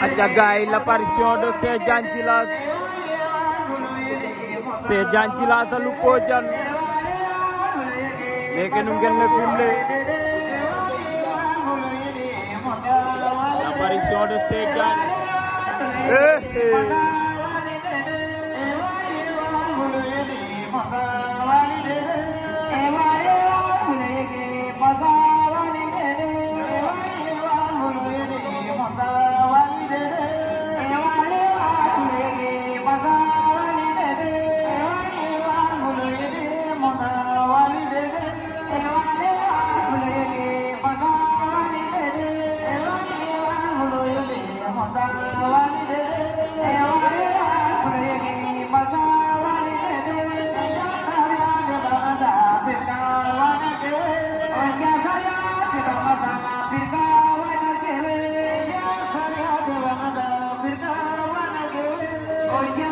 Acha l'apparition de Sejan Djilas. Sejan Djilas à Lupojan. Mais que nous le filmer. L'apparition de Sejan. Hey, eh, eh. hey. Oh, yeah.